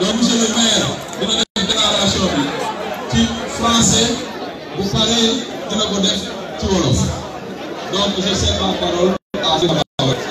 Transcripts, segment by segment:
donc monsieur le maire dina def déclaration bi ci français bu paree dina ko def ci wolof donc je cède la parole à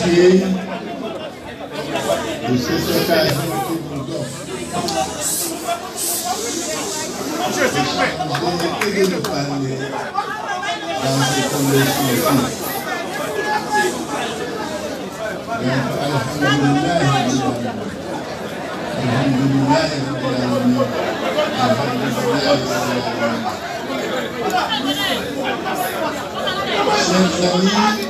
você, por ser seu carinho aqui no dom. Venha querido Padre, dá-se conosco aqui. Alhamdulillah, Alhamdulillah, Alhamdulillah.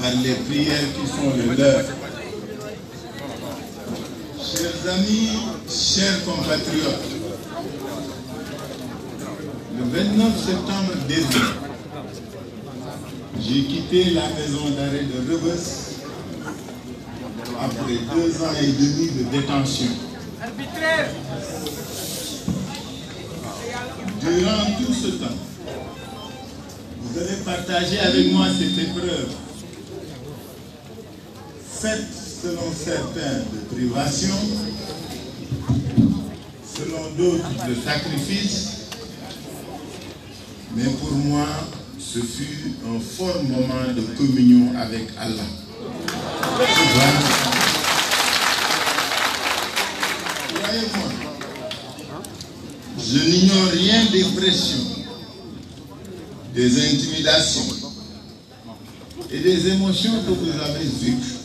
par les prières qui sont les leurs. Chers amis, chers compatriotes, le 29 septembre dernier, j'ai quitté la maison d'arrêt de Rebus après deux ans et demi de détention. Durant tout ce temps, vous avez partagé avec moi cette épreuve Faites selon certains de privations, selon d'autres de sacrifice, mais pour moi, ce fut un fort moment de communion avec Allah. Croyez-moi, je n'ignore rien des pressions, des intimidations et des émotions que vous avez vécues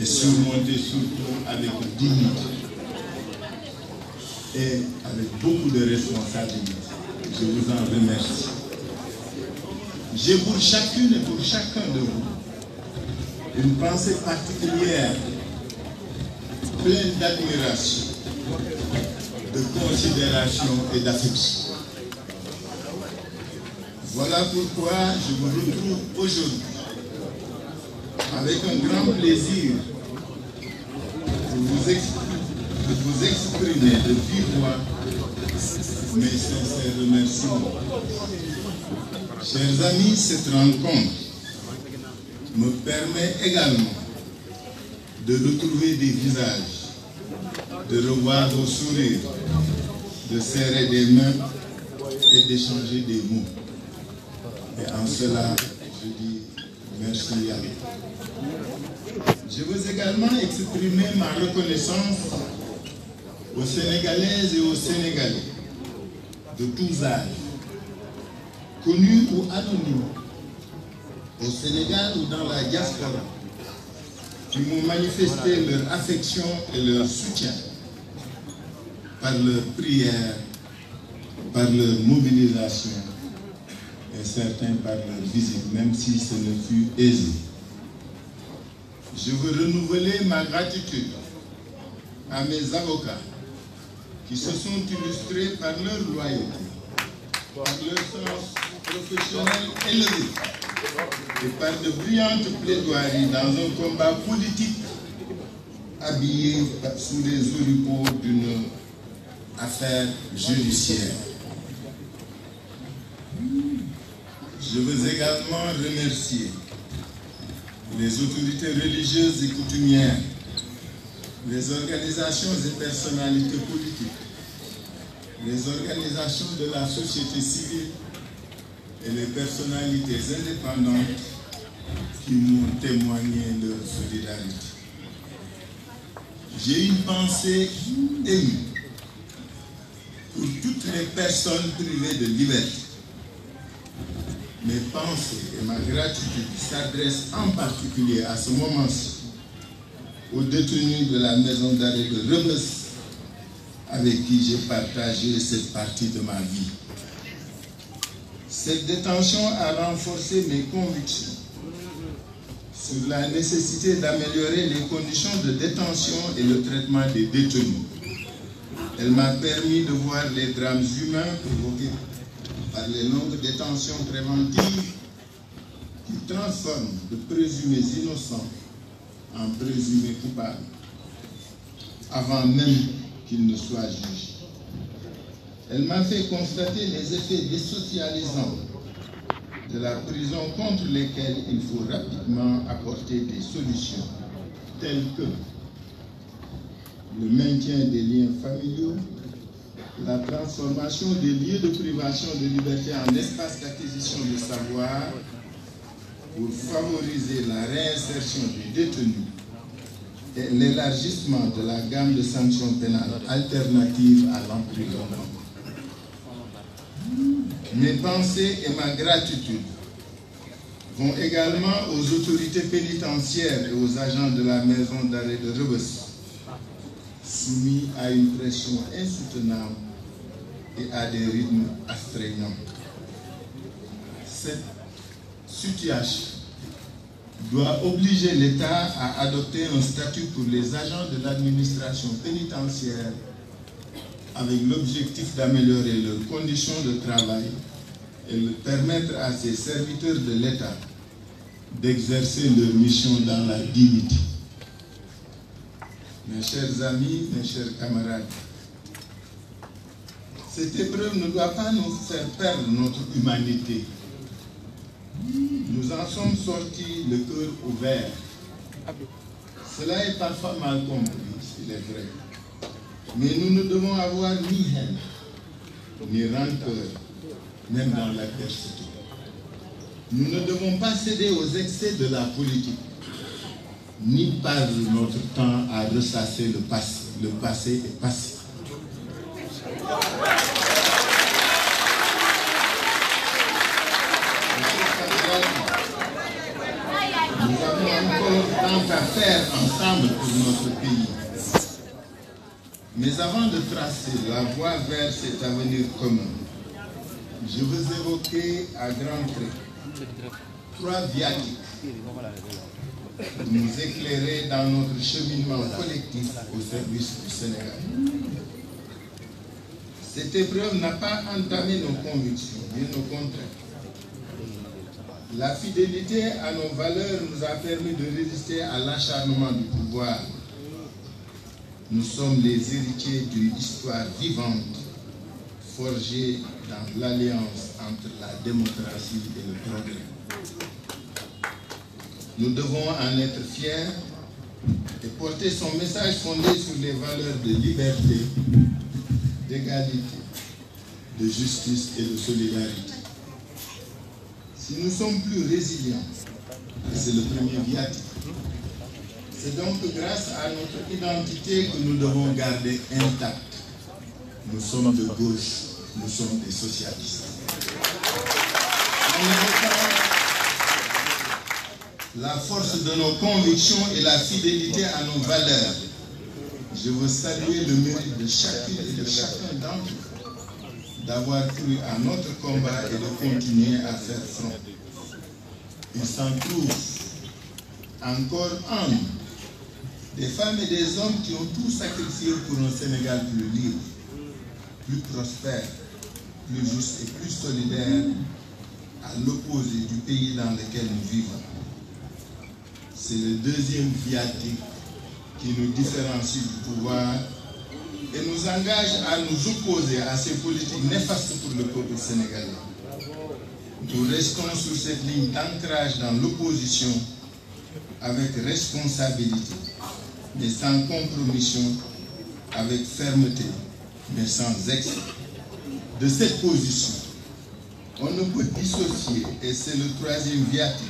et surmonter surtout avec dignité et avec beaucoup de responsabilité. Je vous en remercie. J'ai pour chacune et pour chacun de vous une pensée particulière, pleine d'admiration, de considération et d'affection. Voilà pourquoi je vous retrouve aujourd'hui avec un grand plaisir de vous, vous exprimer de vive voix mes sincères remerciements. Chers amis, cette rencontre me permet également de retrouver des visages, de revoir vos sourires, de serrer des mains et d'échanger des mots. Et en cela, je dis merci à vous. Je veux également exprimer ma reconnaissance aux Sénégalaises et aux Sénégalais de tous âges, connus ou anonymes, au Sénégal ou dans la diaspora, qui m'ont manifesté leur affection et leur soutien par leur prière, par leur mobilisation et certains par leur visite, même si ce ne fut aisé je veux renouveler ma gratitude à mes avocats qui se sont illustrés par leur loyauté, par leur sens professionnel élevé et par de brillantes plaidoiries dans un combat politique habillé sous les oripeaux d'une affaire judiciaire. Je veux également remercier les autorités religieuses et coutumières, les organisations et personnalités politiques, les organisations de la société civile et les personnalités indépendantes qui m'ont témoigné de solidarité. J'ai une pensée émue pour toutes les personnes privées de liberté mes pensées et ma gratitude s'adressent en particulier à ce moment-ci aux détenus de la maison d'arrêt de Rebus avec qui j'ai partagé cette partie de ma vie. Cette détention a renforcé mes convictions sur la nécessité d'améliorer les conditions de détention et le traitement des détenus. Elle m'a permis de voir les drames humains provoqués par les longues détentions préventives qui transforment de présumés innocents en présumés coupables, avant même qu'ils ne soient jugés. Elle m'a fait constater les effets désocialisants de la prison contre lesquels il faut rapidement apporter des solutions telles que le maintien des liens familiaux, la transformation des lieux de privation de liberté en espaces d'acquisition de savoir pour favoriser la réinsertion du détenu et l'élargissement de la gamme de sanctions pénales alternatives à l'emprisonnement. Mes pensées et ma gratitude vont également aux autorités pénitentiaires et aux agents de la maison d'arrêt de Rebus, soumis à une pression insoutenable à des rythmes astreignants. Cette situation doit obliger l'État à adopter un statut pour les agents de l'administration pénitentiaire avec l'objectif d'améliorer leurs conditions de travail et de permettre à ces serviteurs de l'État d'exercer leur mission dans la dignité. Mes chers amis, mes chers camarades, cette épreuve ne doit pas nous faire perdre notre humanité. Nous en sommes sortis le cœur ouvert. Cela est parfois mal compris, il est vrai. Mais nous ne devons avoir ni haine, ni rancœur, même dans la l'adversité. Nous ne devons pas céder aux excès de la politique, ni perdre notre temps à ressasser le passé. Le passé est passé. à faire ensemble pour notre pays. Mais avant de tracer la voie vers cet avenir commun, je veux évoquer à grands traits trois viatiques nous éclairer dans notre cheminement collectif au service du Sénégal. Cette épreuve n'a pas entamé nos convictions, mais nos contraintes. La fidélité à nos valeurs nous a permis de résister à l'acharnement du pouvoir. Nous sommes les héritiers d'une histoire vivante, forgée dans l'alliance entre la démocratie et le progrès. Nous devons en être fiers et porter son message fondé sur les valeurs de liberté, d'égalité, de justice et de solidarité nous sommes plus résilients. C'est le premier viatique. C'est donc grâce à notre identité que nous devons garder intact. Nous sommes de gauche, nous sommes des socialistes. la force de nos convictions et la fidélité à nos valeurs. Je veux saluer le mérite de chacune et de chacun d'entre vous d'avoir cru à notre combat et de continuer à faire front. Il s'en trouve encore un des femmes et des hommes qui ont tout sacrifié pour un Sénégal plus libre, plus prospère, plus juste et plus solidaire à l'opposé du pays dans lequel nous vivons. C'est le deuxième viatique qui nous différencie du pouvoir et nous engage à nous opposer à ces politiques néfastes pour le peuple sénégalais. Nous restons sur cette ligne d'ancrage dans l'opposition avec responsabilité, mais sans compromission, avec fermeté, mais sans excès. De cette position, on ne peut dissocier, et c'est le troisième viatique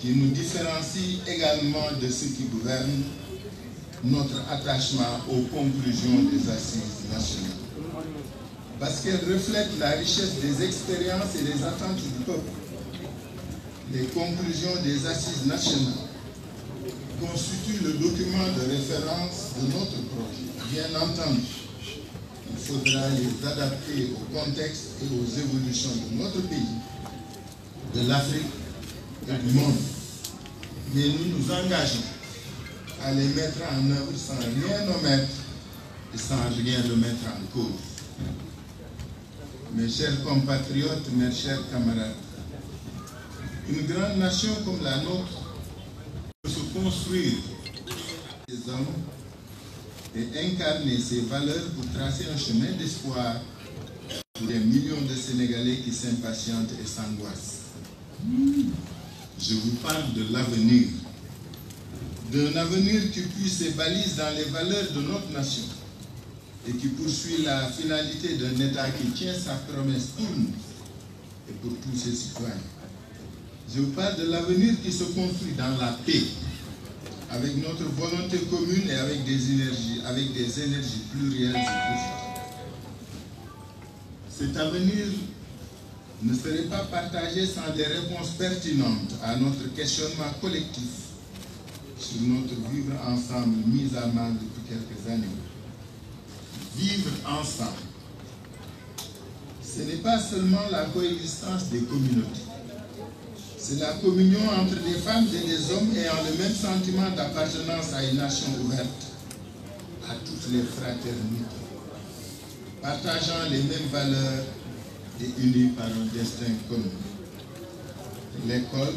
qui nous différencie également de ceux qui gouvernent notre attachement aux conclusions des assises nationales. Parce qu'elles reflètent la richesse des expériences et des attentes du peuple. Les conclusions des assises nationales constituent le document de référence de notre projet. Bien entendu, il faudra les adapter au contexte et aux évolutions de notre pays, de l'Afrique et du monde. Mais nous nous engageons à les mettre en œuvre sans rien omettre et sans rien mettre en cause. Mes chers compatriotes, mes chers camarades, une grande nation comme la nôtre peut se construire et incarner ses valeurs pour tracer un chemin d'espoir pour les millions de Sénégalais qui s'impatientent et s'angoissent. Je vous parle de l'avenir d'un avenir qui puisse se balise dans les valeurs de notre nation et qui poursuit la finalité d'un État qui tient sa promesse pour nous et pour tous ses citoyens. Je vous parle de l'avenir qui se construit dans la paix, avec notre volonté commune et avec des énergies, avec des énergies plurielles Cet avenir ne serait pas partagé sans des réponses pertinentes à notre questionnement collectif sur notre vivre ensemble mis à mal depuis quelques années. Vivre ensemble, ce n'est pas seulement la coexistence des communautés, c'est la communion entre les femmes et les hommes ayant le même sentiment d'appartenance à une nation ouverte, à toutes les fraternités, partageant les mêmes valeurs et unis par un destin commun. L'école,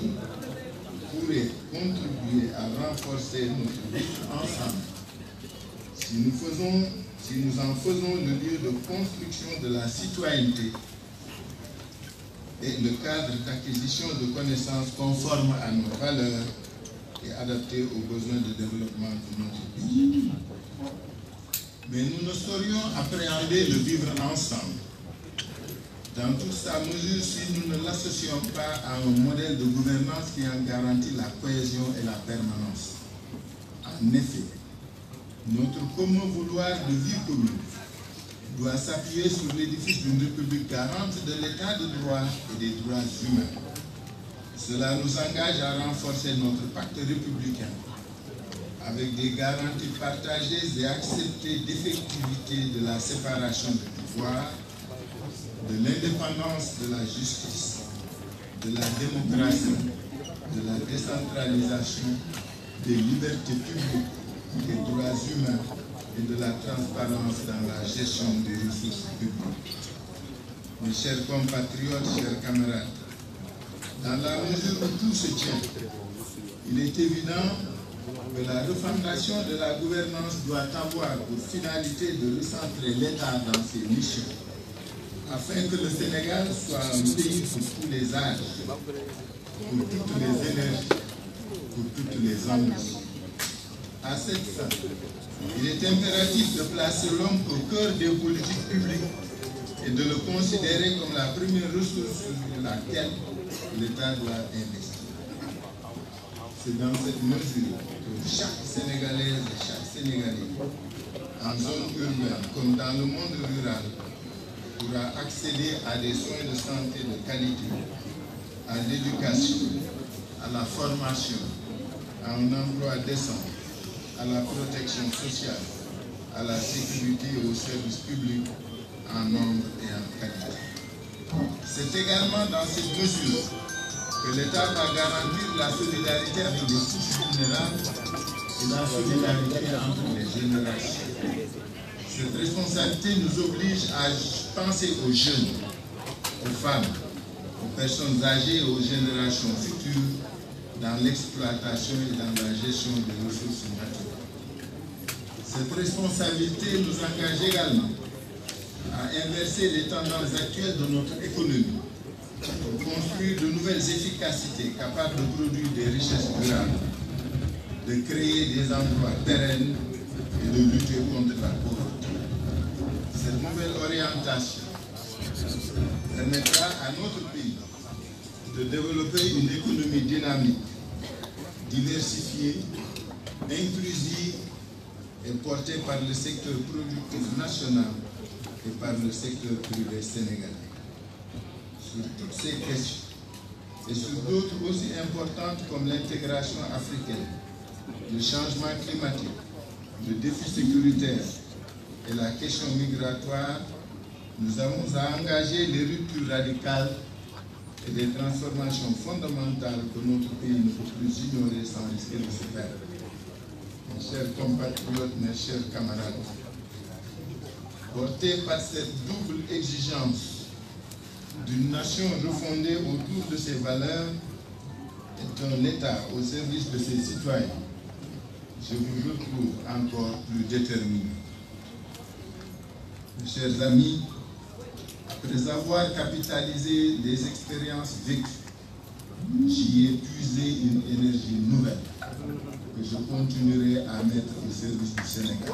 pourrait contribuer à renforcer notre vie ensemble. Si nous, faisons, si nous en faisons le lieu de construction de la citoyenneté et le cadre d'acquisition de connaissances conformes à nos valeurs et adaptées aux besoins de développement de notre pays. Mais nous ne saurions appréhender le vivre ensemble dans toute sa mesure, si nous ne l'associons pas à un modèle de gouvernance qui en garantit la cohésion et la permanence. En effet, notre commun vouloir de vie commune doit s'appuyer sur l'édifice d'une République garante de l'état de droit et des droits humains. Cela nous engage à renforcer notre pacte républicain avec des garanties partagées et acceptées d'effectivité de la séparation des pouvoirs de l'indépendance de la justice, de la démocratie, de la décentralisation, des libertés publiques, des droits humains et de la transparence dans la gestion des ressources publiques. Mes chers compatriotes, chers camarades, dans la mesure où tout se tient, il est évident que la refondation de la gouvernance doit avoir pour finalité de recentrer l'État dans ses missions afin que le Sénégal soit un pays pour tous les âges, pour toutes les énergies, pour toutes les hommes. À cette fin, il est impératif de placer l'homme au cœur des politiques publiques et de le considérer comme la première ressource sur laquelle l'État doit investir. C'est dans cette mesure que chaque Sénégalaise et chaque Sénégalais, en zone urbaine comme dans le monde rural, pourra accéder à des soins de santé de qualité, à l'éducation, à la formation, à un emploi décent, à la protection sociale, à la sécurité et aux services publics en nombre et en qualité. C'est également dans cette mesure que l'État va garantir la solidarité avec les sous vulnérables et la solidarité entre les générations. Cette responsabilité nous oblige à penser aux jeunes, aux femmes, aux personnes âgées et aux générations futures dans l'exploitation et dans la gestion des ressources naturelles. Cette responsabilité nous engage également à inverser les tendances actuelles de notre économie pour construire de nouvelles efficacités capables de produire des richesses durables, de créer des emplois pérennes et de lutter contre la pauvreté permettra à notre pays de développer une économie dynamique, diversifiée, inclusive et portée par le secteur productif national et par le secteur privé sénégalais. Sur toutes ces questions et sur d'autres aussi importantes comme l'intégration africaine, le changement climatique, le défi sécuritaire et la question migratoire, nous avons à engager les ruptures radicales et les transformations fondamentales que notre pays ne peut plus ignorer sans risquer de se perdre. Mes chers compatriotes, mes chers camarades, portés par cette double exigence d'une nation refondée autour de ses valeurs et d'un État au service de ses citoyens, je vous retrouve encore plus déterminé. Mes chers amis, après avoir capitalisé des expériences vécues, j'y ai puisé une énergie nouvelle que je continuerai à mettre au service du Sénégal.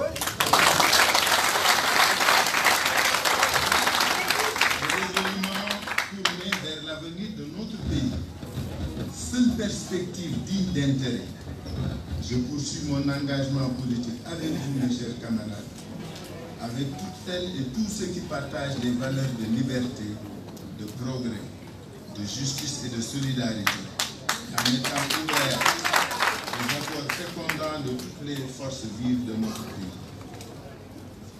vers l'avenir de notre pays, seule perspective digne d'intérêt, je poursuis mon engagement politique avec vous, mes chers camarades avec toutes celles et tous ceux qui partagent les valeurs de liberté, de progrès, de justice et de solidarité, en étant ouvert aux accords secondants de toutes les forces vives de notre pays.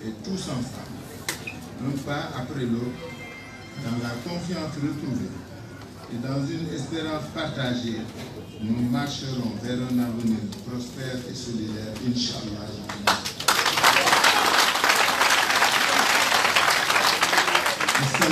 Et tous ensemble, un pas après l'autre, dans la confiance retrouvée et dans une espérance partagée, nous marcherons vers un avenir prospère et solidaire, Inch'Allah.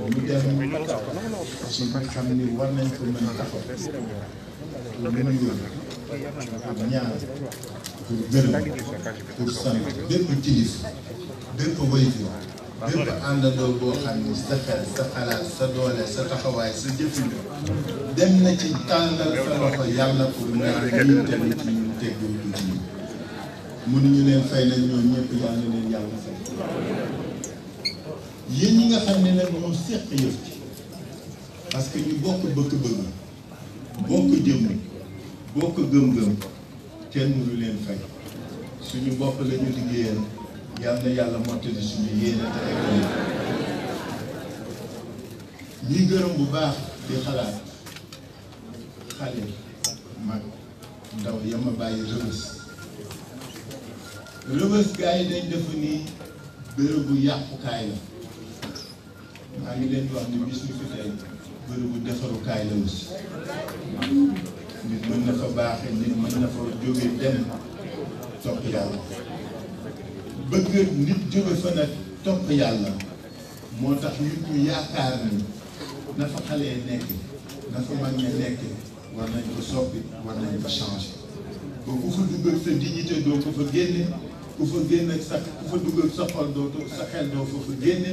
ñu dem aussi ba xam ni war nañ ko mën a taxaw pour nuyu pour ñaan pour gërëm pour sant bépp kilif bépp waytu bépp àndandoo boo xam ni sa xel sa xalaat sa doole sa taxawaay sa jëfin dem na ci tàngal sa loxo yàlla pour nga ñii tamit ci ñu teggoo du ci mënuñu leen fay nañ ñoom ñëpp yàlla leen yàlla fay yéen ñi nga xam ne nag ñoo seq yëf ci parce que ñu bokk bëgg-bëgg bokk jëmm bokk gëm-gëm kenn lu leen fay suñu bopp la ñu liggéeyal yal na yàlla mottali suñu yéene te egg ñuy gërëm bu baax di xalaat xale mag ndaw yama bàyyi rëbës rëbës gars yi dañ def ni bérébu maa ngi leen di wax ni bis ñu fi tey defarukaay la aussi nit mën na fa baaxe nit mën na fa jóge dem topp yàlla bëgg nit jóge fa nag topp yàlla moo tax nit ñu yaakaar ni na fa xale nekk na fa mag ña nekk war nañ ko soppi war nañ ko changer ba ku fa sa dignité doo ko fa génne ku fa génn ak sa ku fa dugg sa xol doo sa xel doo fa fa génne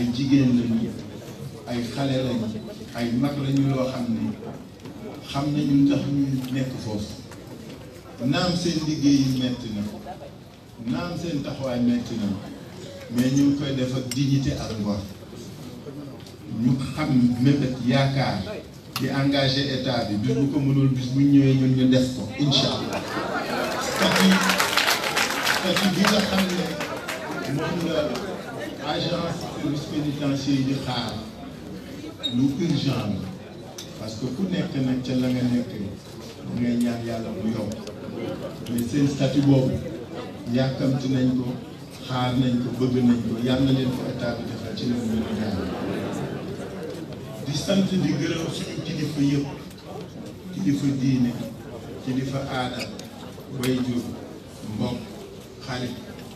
ay jigéen lañu ay xalé lañu ay mag lañu lo xamné ne xam nañu tax ñu nekk foofu naam seen liggéey yi metti na naam seen taxawaay metti na mais ñu koy def ak dignité ak ngor ñu xam mébét yaakaar di engagé état bi bis bu ko mënul bis bu ñëwee ñun ñu def ko incha allah statut statut bi nga xam ne moom la agence police pénitentiaire di xaar lu urgent la parce que ku nekk nag ca la nga nekk da ngay ñaan yàlla mu yokk mais seen statut boobu yàkkamti nañ ko xaar nañ ko bëgg nañ ko yàlla leen ko état bi defal ci leen mën a gaal di sant di gërëm suñu kilifa yëpp kilifa diine kilifa aada way jur mbokk xarit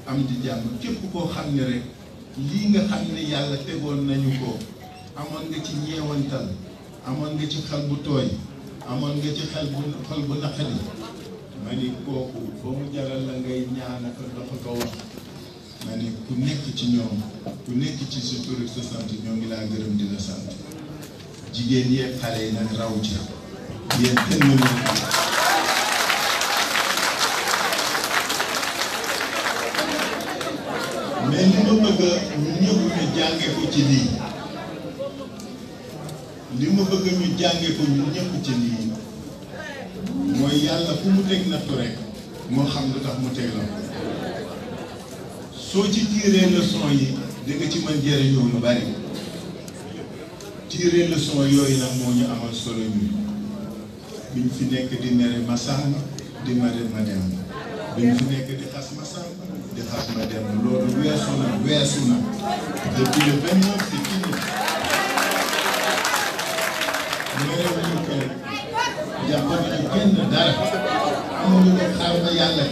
am di jàmm képp koo xam ne rek lii nga xam ne yàlla tegoon nañu ko amoon nga ci ñeewantal amoon nga ci xel bu tooy amoon nga ci xel bu xel bu naqari ma ni kooku ba mu jaral la ngay ñaan ak dafa ko wax ma ni ku nekk ci ñoom ku nekk ci sa tur sa sant ñoo ngi laa gërëm di la sant jigéen yeeg xale yi nag raw ci yéen kenn mënu mais li ma bëgg a ñëw ñu jànge ci lii li ma bëgg ñu jànge ko ñu ñëpp ci lii mooy yàlla fu mu teg nattu rek moo xam lu tax mu teg la ko soo ci tiiree leçon yi di nga ci mën jëriñoo lu bari tiiree leçon yooyu nag moo ñu amal solo ñu fi nekk di mere Massamba di mere Mademba biñ fi nekk di Fatma Dem loolu weesu na weesu na depuis le 29 c'est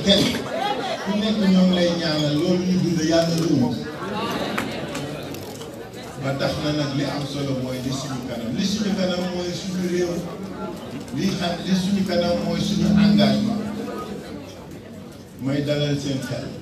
fini meewuñu ko ñoom lay ñaanal loolu ñu dund yàlla luum ba tax na nag li am solo mooy li suñu kanam li suñu kanam mooy suñu réew li xam li suñu kanam mooy suñu engagement mooy dalal seen xel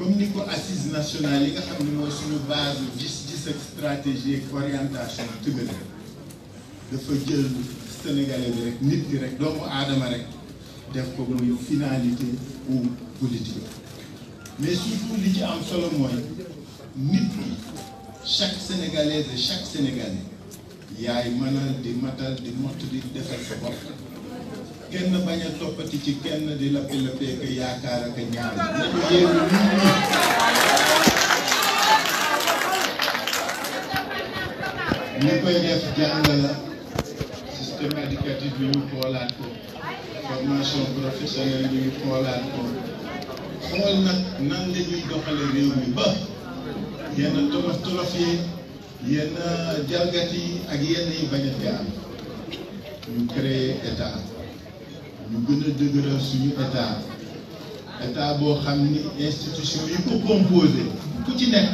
comme ni ko assise nationale yi nga xam ne mooy suñu base gis cette stratégie ak orientation tëbël dafa jël sénégalais bi rek nit ki rek doomu aadama rek def ko muy finalité ou politique mais surtout li ci am solo mooy nit ki chaque sénégalaise et chaque sénégalais yaay mënal di matal di mott di defal sa bopp kenn baña topati ci kenn di lappi lappee ke yaakaar ak ñaan ni koy def jangala système éducatif bi ñu xoolaat ko formation professionnelle bi ñu xoolaat ko xol nak nan la ñuy doxale réew mi ba yenn tolof tolof yi yenn jalgati ak yenn yi bañ a jaar ñu créer état ñu gën a dëgëral suñu état état boo xam ni institution yi ko composé ku ci nekk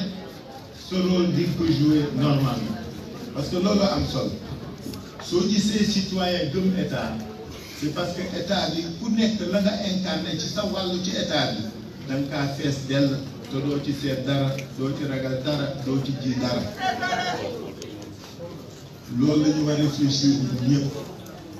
sa rôle ko jouer normalement parce que loolu am solo soo gisee citoyen gëm état c'est parce que état bi ku nekk la nga incarné ci sa wàllu ci état bi da kaa fees dell te doo ci seet dara doo ci ragal dara doo ci ji dara loolu la war a réfléchir ñun ñëpp.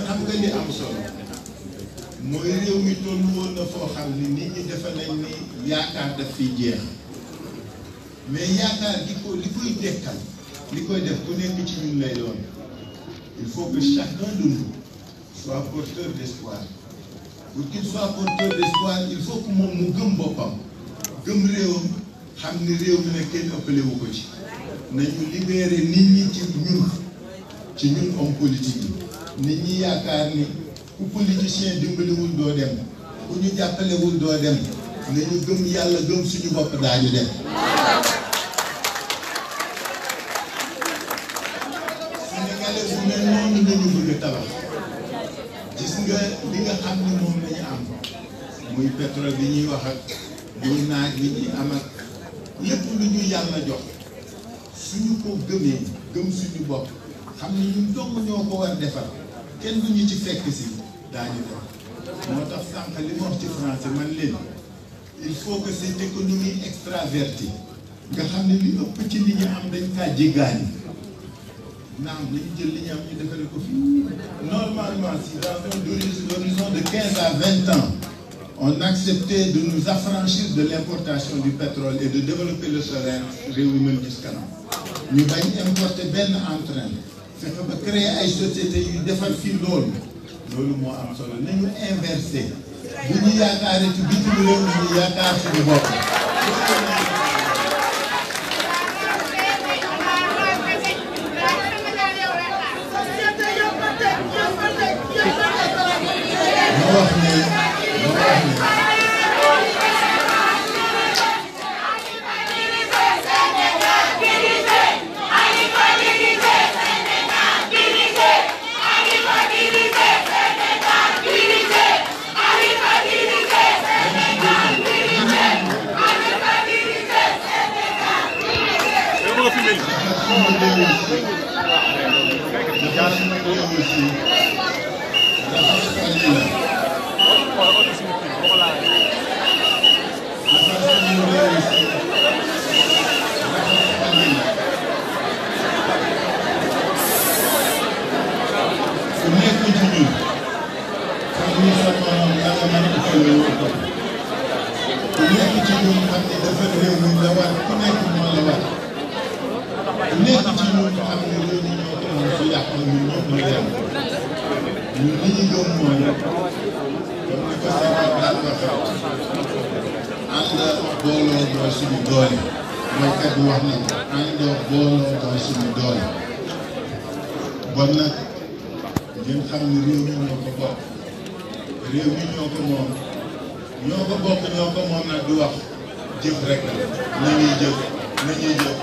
que xam mooy réew mi toll woon na foo xam ni nit ñi defe nañ ni yaakaar daf fiy jeex mais yaakaar di ko li koy dekkal li koy def ku nekk ci ñun lay doon il faut que chacun de nous soit porteur d'espoir pour qu'il soit porteur d'espoir il faut que moom mu gëm boppam gëm réewam xam ni réew mi nag kenn ëppalewu ko ci nañu libérer nit ñi ci ñun ci ñun homme politique yi nit ñi yaakaar ni ku politicien dimbaliwul doo dem ku ñu jàppalewul doo dem nañu gëm yàlla gëm suñu bopp daañu dem Sénégalais bu mel nga xam ne moom lañu am muy pétrole bi ñuy wax ak muy naaj bi ñuy am ak lépp lu ñu yàlla jox suñu ko gëmee gëm suñu bopp xam ne ñun dong ñoo ko war defar Quel du ñu ci fekk si daañu ko moo tax sànq li wax ci français man il faut que cette économie extravertie nga xam ne li ëpp ci li ñu am dañ kaa jéggaani naam li ñu jël li ñu am ko normalement si dans un horizon de 15 à 20 ans on acceptait de nous affranchir de l'importation du pétrole et de développer le solaire réew mi mën Nous kanam ñu bañ en train. fexe ba créer ay société yu defar fii loolu loolu moo am solo nañu inversé bu ñu yaakaaree ci bitim réew mi ñu yaakaar suñu bopp bi wax na ko àndoo booloo mooy suñu doole bon nag ngeen xam ne mi ñoo ko bokk réew mi ñoo ko moom ñoo ko bokk ñoo ko moom nag du wax jëf rek na ñuy jëf na ñuy jëf